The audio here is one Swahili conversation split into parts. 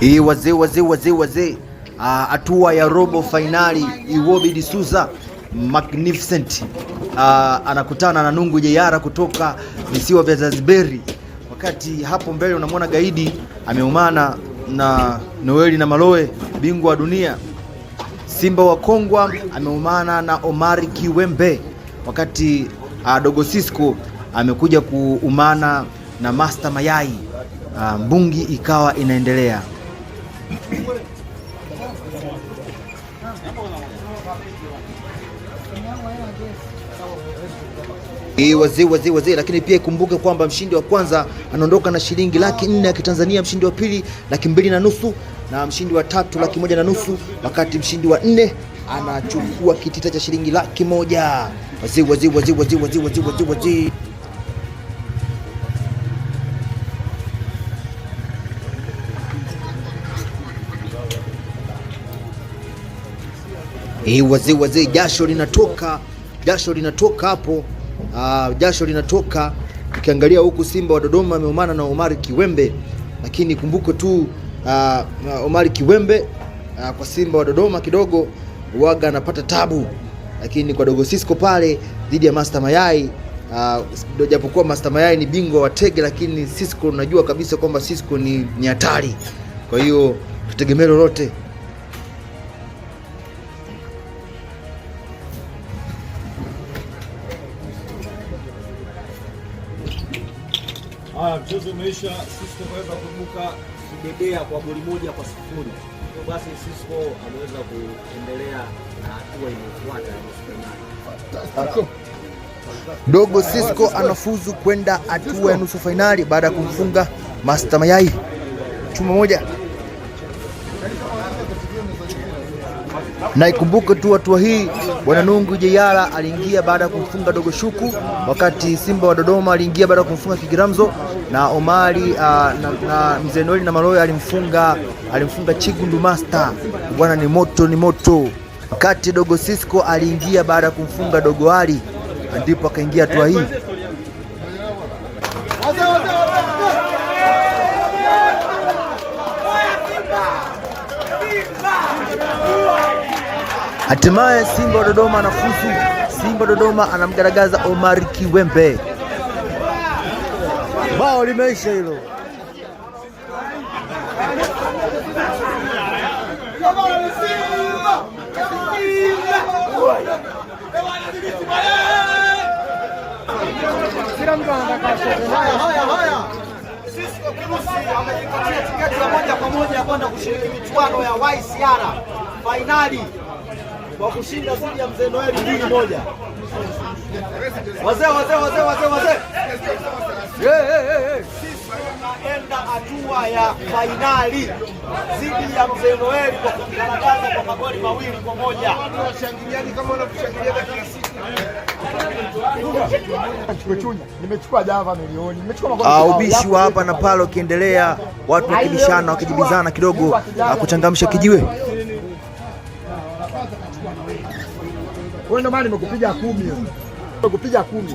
Hii wazee wazee wazee wazee, ah, hatua ya robo fainali Iwobi Disuza Magnificent ah, anakutana na Nungu Jeyara kutoka visiwa vya Zanzibari. Wakati hapo mbele unamwona Gaidi ameumana na Noeli na Maloe, bingwa wa dunia. Simba wa Kongwa ameumana na Omari Kiwembe, wakati aa, Dogo Sisko amekuja kuumana na Master Mayai uh, mbungi ikawa inaendelea wazee wazee wazee, lakini pia ikumbuke kwamba mshindi wa kwanza anaondoka na shilingi laki nne ya Kitanzania, mshindi wa pili laki mbili na nusu na mshindi wa tatu laki moja na nusu wakati mshindi wa nne anachukua kitita cha shilingi laki moja. Wazee wazee wazee wazee wazee wazee wazee. Eh, wazee wazee, jasho linatoka, jasho linatoka hapo. Uh, jasho linatoka ukiangalia huku Simba wa Dodoma ameumana na Omari Kiwembe, lakini kumbuke tu uh, ah, Omari Kiwembe uh, kwa Simba wa Dodoma kidogo waga anapata tabu, lakini kwa Dogo Sisco pale dhidi ya Master Mayai uh, japokuwa Master Mayai ni bingwa wa tege, lakini Sisco unajua kabisa kwamba Sisco ni hatari, kwa hiyo tutegemee lolote. Haya, ah, mchezo umeisha. Sisco ameweza kuibuka kidedea kwa goli moja kwa sifuri. Hivyo basi Sisco ameweza kuendelea na hatua inayofuata ya dogo. Sisco anafuzu kwenda hatua ya nusu fainali baada ya kumfunga Master Mayai chuma moja, na ikumbuke tu hatua hii Bwana Nungu Jeyala aliingia baada ya kumfunga Dogo Shuku, wakati Simba wa Dodoma aliingia baada ya kumfunga Kigiramzo na Omari uh, na, na mzee Noeli na Maroyo alimfunga alimfunga Chigundu Master. Bwana ni moto ni moto. kati Dogo Sisco aliingia baada ya kumfunga Dogo Ali, ndipo akaingia hatua hii. Hatimaye Simba wa Dodoma anafuzu. Simba Dodoma anamgaragaza Omari Kiwembe bao limeisha hilo. Kila mtu anataka haya haya. Sisi wa Kirusi amejikatia tiketi ya moja kwa moja ya kwenda kushiriki michuano ya YCR fainali kwa kushinda ya mzee Noeli mbili moja. Wazee wazee wazee wazee wazee tunaenda hatua ya fainali zidi ya mzee Noeli kwa kukarakaza kwa magoli mawili kwa moja. Washangiliaji kama wanakushangilia kila siku. Ubishi wa hapa na pale ukiendelea, watu wakibishana, wakijibizana kidogo, kuchangamsha kijiwe. Wewe ndio maana nimekupiga kumi, nimekupiga kumi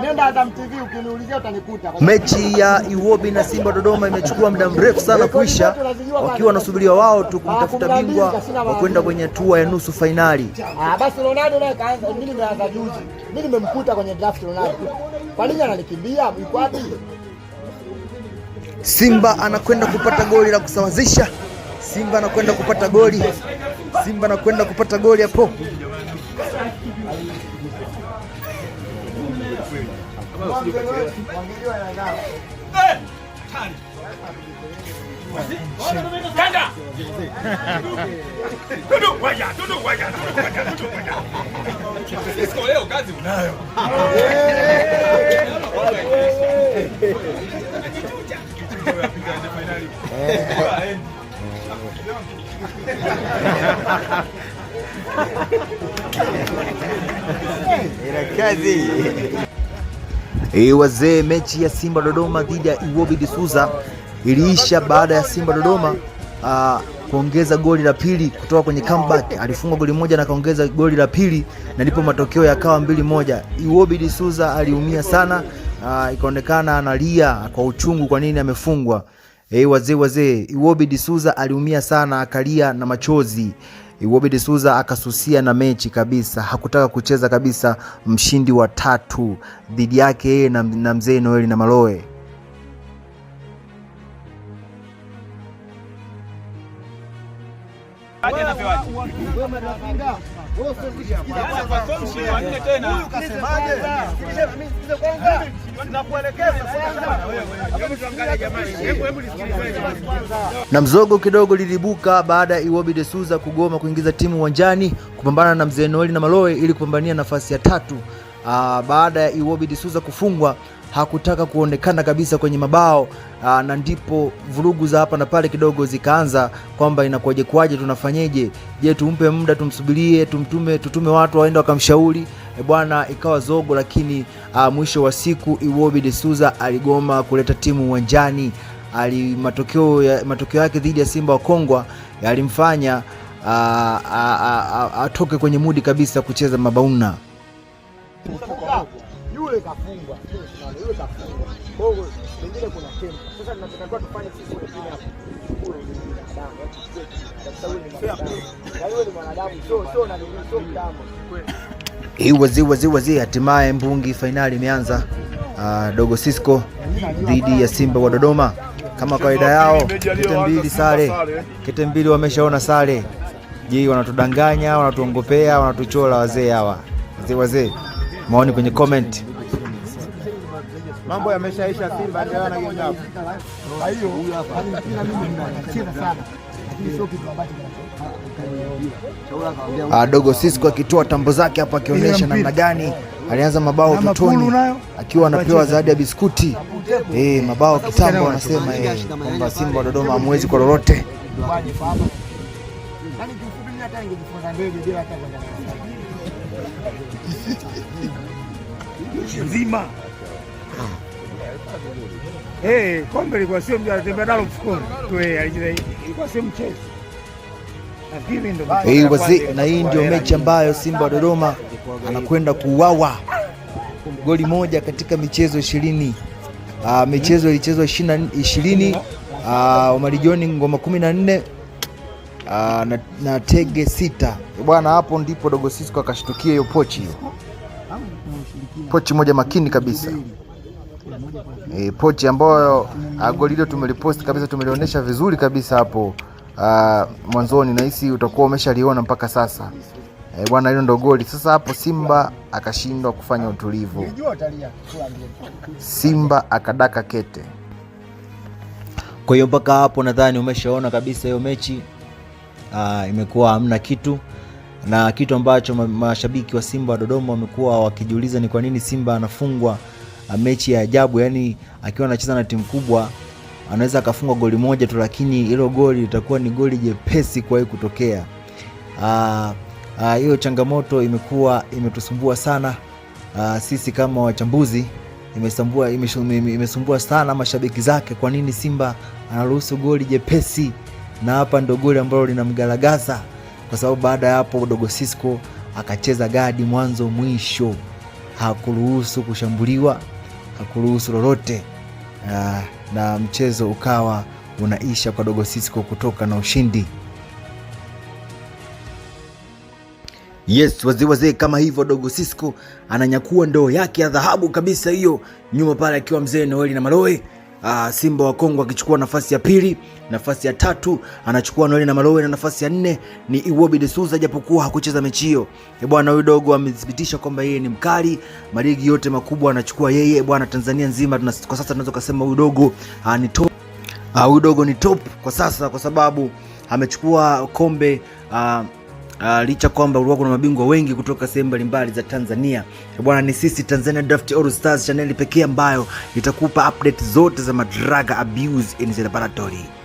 Nenda Azam TV ukiniulizia utanikuta. Mechi ya Iwobi na Simba Dodoma imechukua muda mrefu sana kuisha, wakiwa wanasubiriwa wao tu kumtafuta bingwa wa kwenda kwenye hatua ya nusu fainali. Ah, basi Ronaldo naye kaanza, mimi nimeanza juzi, mimi nimemkuta kwenye draft Ronaldo. Kwa nini ananikimbia? Yuko wapi? Simba anakwenda kupata goli la kusawazisha. Simba anakwenda kupata goli. Simba anakwenda kupata goli hapo. Leo kazi unayo. Ina kazi. E, wazee, mechi ya Simba Dodoma dhidi ya Iwobi Disuza iliisha baada ya Simba Dodoma uh, kuongeza goli la pili kutoka kwenye comeback. Alifungwa goli moja na kaongeza goli la pili, na ndipo matokeo yakawa mbili moja. Iwobi Disuza aliumia sana, uh, ikaonekana analia kwa uchungu, kwa nini amefungwa. E, wazee wazee, Iwobi Disuza aliumia sana, akalia na machozi. Iwobi Disuza akasusia na mechi kabisa, hakutaka kucheza kabisa. Mshindi wa tatu dhidi yake yeye na, na mzee Noeli na Maloe. Na mzogo kidogo lilibuka baada ya Iwobi De Souza kugoma kuingiza timu uwanjani kupambana na Mzee Noeli na Maloe ili kupambania nafasi ya tatu, ah, baada ya Iwobi De Souza kufungwa hakutaka kuonekana kabisa kwenye mabao aa, ah, na ndipo vurugu za hapa na pale kidogo zikaanza kwamba inakuwaje, kuwaje, tunafanyeje? Je, tumpe muda, tumsubirie, tumtume, tutume watu waende wakamshauri? E bwana, ikawa zogo. Lakini aa, ah, mwisho wa siku Iwobi De Souza aligoma kuleta timu uwanjani. Ali matokeo ya, matokeo yake dhidi ya Simba wa Kongwa yalimfanya ah, atoke kwenye mudi kabisa kucheza Mabauna yule kafungwa, yule kafungwa. pengine kuna tempo. Sasa tunatakiwa tufanye sisi wengine hapo. wazi wazi, hatimaye mbungi fainali imeanza. Uh, Dogo Sisco dhidi ya Simba wa Dodoma kama kawaida yao, kete mbili sare, kete mbili wameshaona sare. Je, wanatudanganya, wanatuongopea, wanatuchola wazee hawa, wazee wazee maoni kwenye comment. Mambo yameshaisha Simba ndio anaenda. Kwa hiyo huyu hapa sana. Dogo Sisco akitoa tambo zake hapa akionyesha namna gani alianza mabao utotoni akiwa anapewa zawadi ya biskuti eh, mabao kitambo. Anasema eh kwamba Simba wa Dodoma hamwezi kwa lolote. Yaani nzima hey, eh, kombe likuwa sio mtu anatembea nalo mfukoni tu, eh, ilikuwa sio mchezo. Na hii ndio mechi ambayo Simba wa Dodoma anakwenda kuuawa goli moja katika michezo ishirini. Uh, michezo ilichezwa ishirini ah, Omari John uh, ngoma kumi na nne ah, na, na tege sita. Bwana, hapo ndipo Dogo Sisco akashtukia hiyo pochi hiyo. Pochi moja makini kabisa. E, pochi ambayo ah, goli hilo tumeliposti kabisa, tumelionyesha vizuri kabisa hapo uh, mwanzoni. Nahisi utakuwa umeshaliona mpaka sasa e, bwana, hilo ndo goli sasa. Hapo Simba akashindwa kufanya utulivu, Simba akadaka kete. Kwa hiyo mpaka hapo nadhani umeshaona kabisa hiyo mechi uh, imekuwa hamna kitu na kitu ambacho mashabiki wa Simba wa Dodoma wamekuwa wakijiuliza ni kwa nini Simba anafungwa uh, mechi ya ajabu, yani akiwa anacheza na timu kubwa anaweza akafungwa goli moja tu, lakini hilo goli litakuwa ni goli jepesi kuwahi kutokea. Uh, uh, hiyo changamoto imekuwa imetusumbua sana aa, sisi kama wachambuzi imesumbua, imesumbua sana mashabiki zake. Kwa nini Simba anaruhusu goli jepesi? Na hapa ndo goli ambalo linamgaragaza kwa sababu baada ya hapo Dogo Sisco akacheza gadi mwanzo mwisho, hakuruhusu kushambuliwa, hakuruhusu lolote, ah, na mchezo ukawa unaisha kwa Dogo Sisco kutoka na ushindi. Yes, wazee wazee, kama hivyo Dogo Sisco ananyakua ndoo yake ya dhahabu kabisa hiyo, nyuma pale akiwa mzee Noeli na Maloe uh, Simba wa Kongo akichukua nafasi ya pili. Nafasi ya tatu anachukua Noel na Malowe, na nafasi ya nne ni Iwobi de Souza, japokuwa hakucheza mechi hiyo. E bwana, huyu dogo amethibitisha kwamba yeye ni mkali, maligi yote makubwa anachukua yeye. E bwana, Tanzania nzima kwa sasa tunaweza kusema huyu dogo uh, ni top uh, huyu dogo ni top kwa sasa, kwa sababu amechukua kombe uh, Uh, licha kwamba ulikuwa kuna mabingwa wengi kutoka sehemu mbalimbali za Tanzania. Bwana ni sisi Tanzania Draft All Stars channel pekee ambayo itakupa update zote za madraga abuse in the laboratory.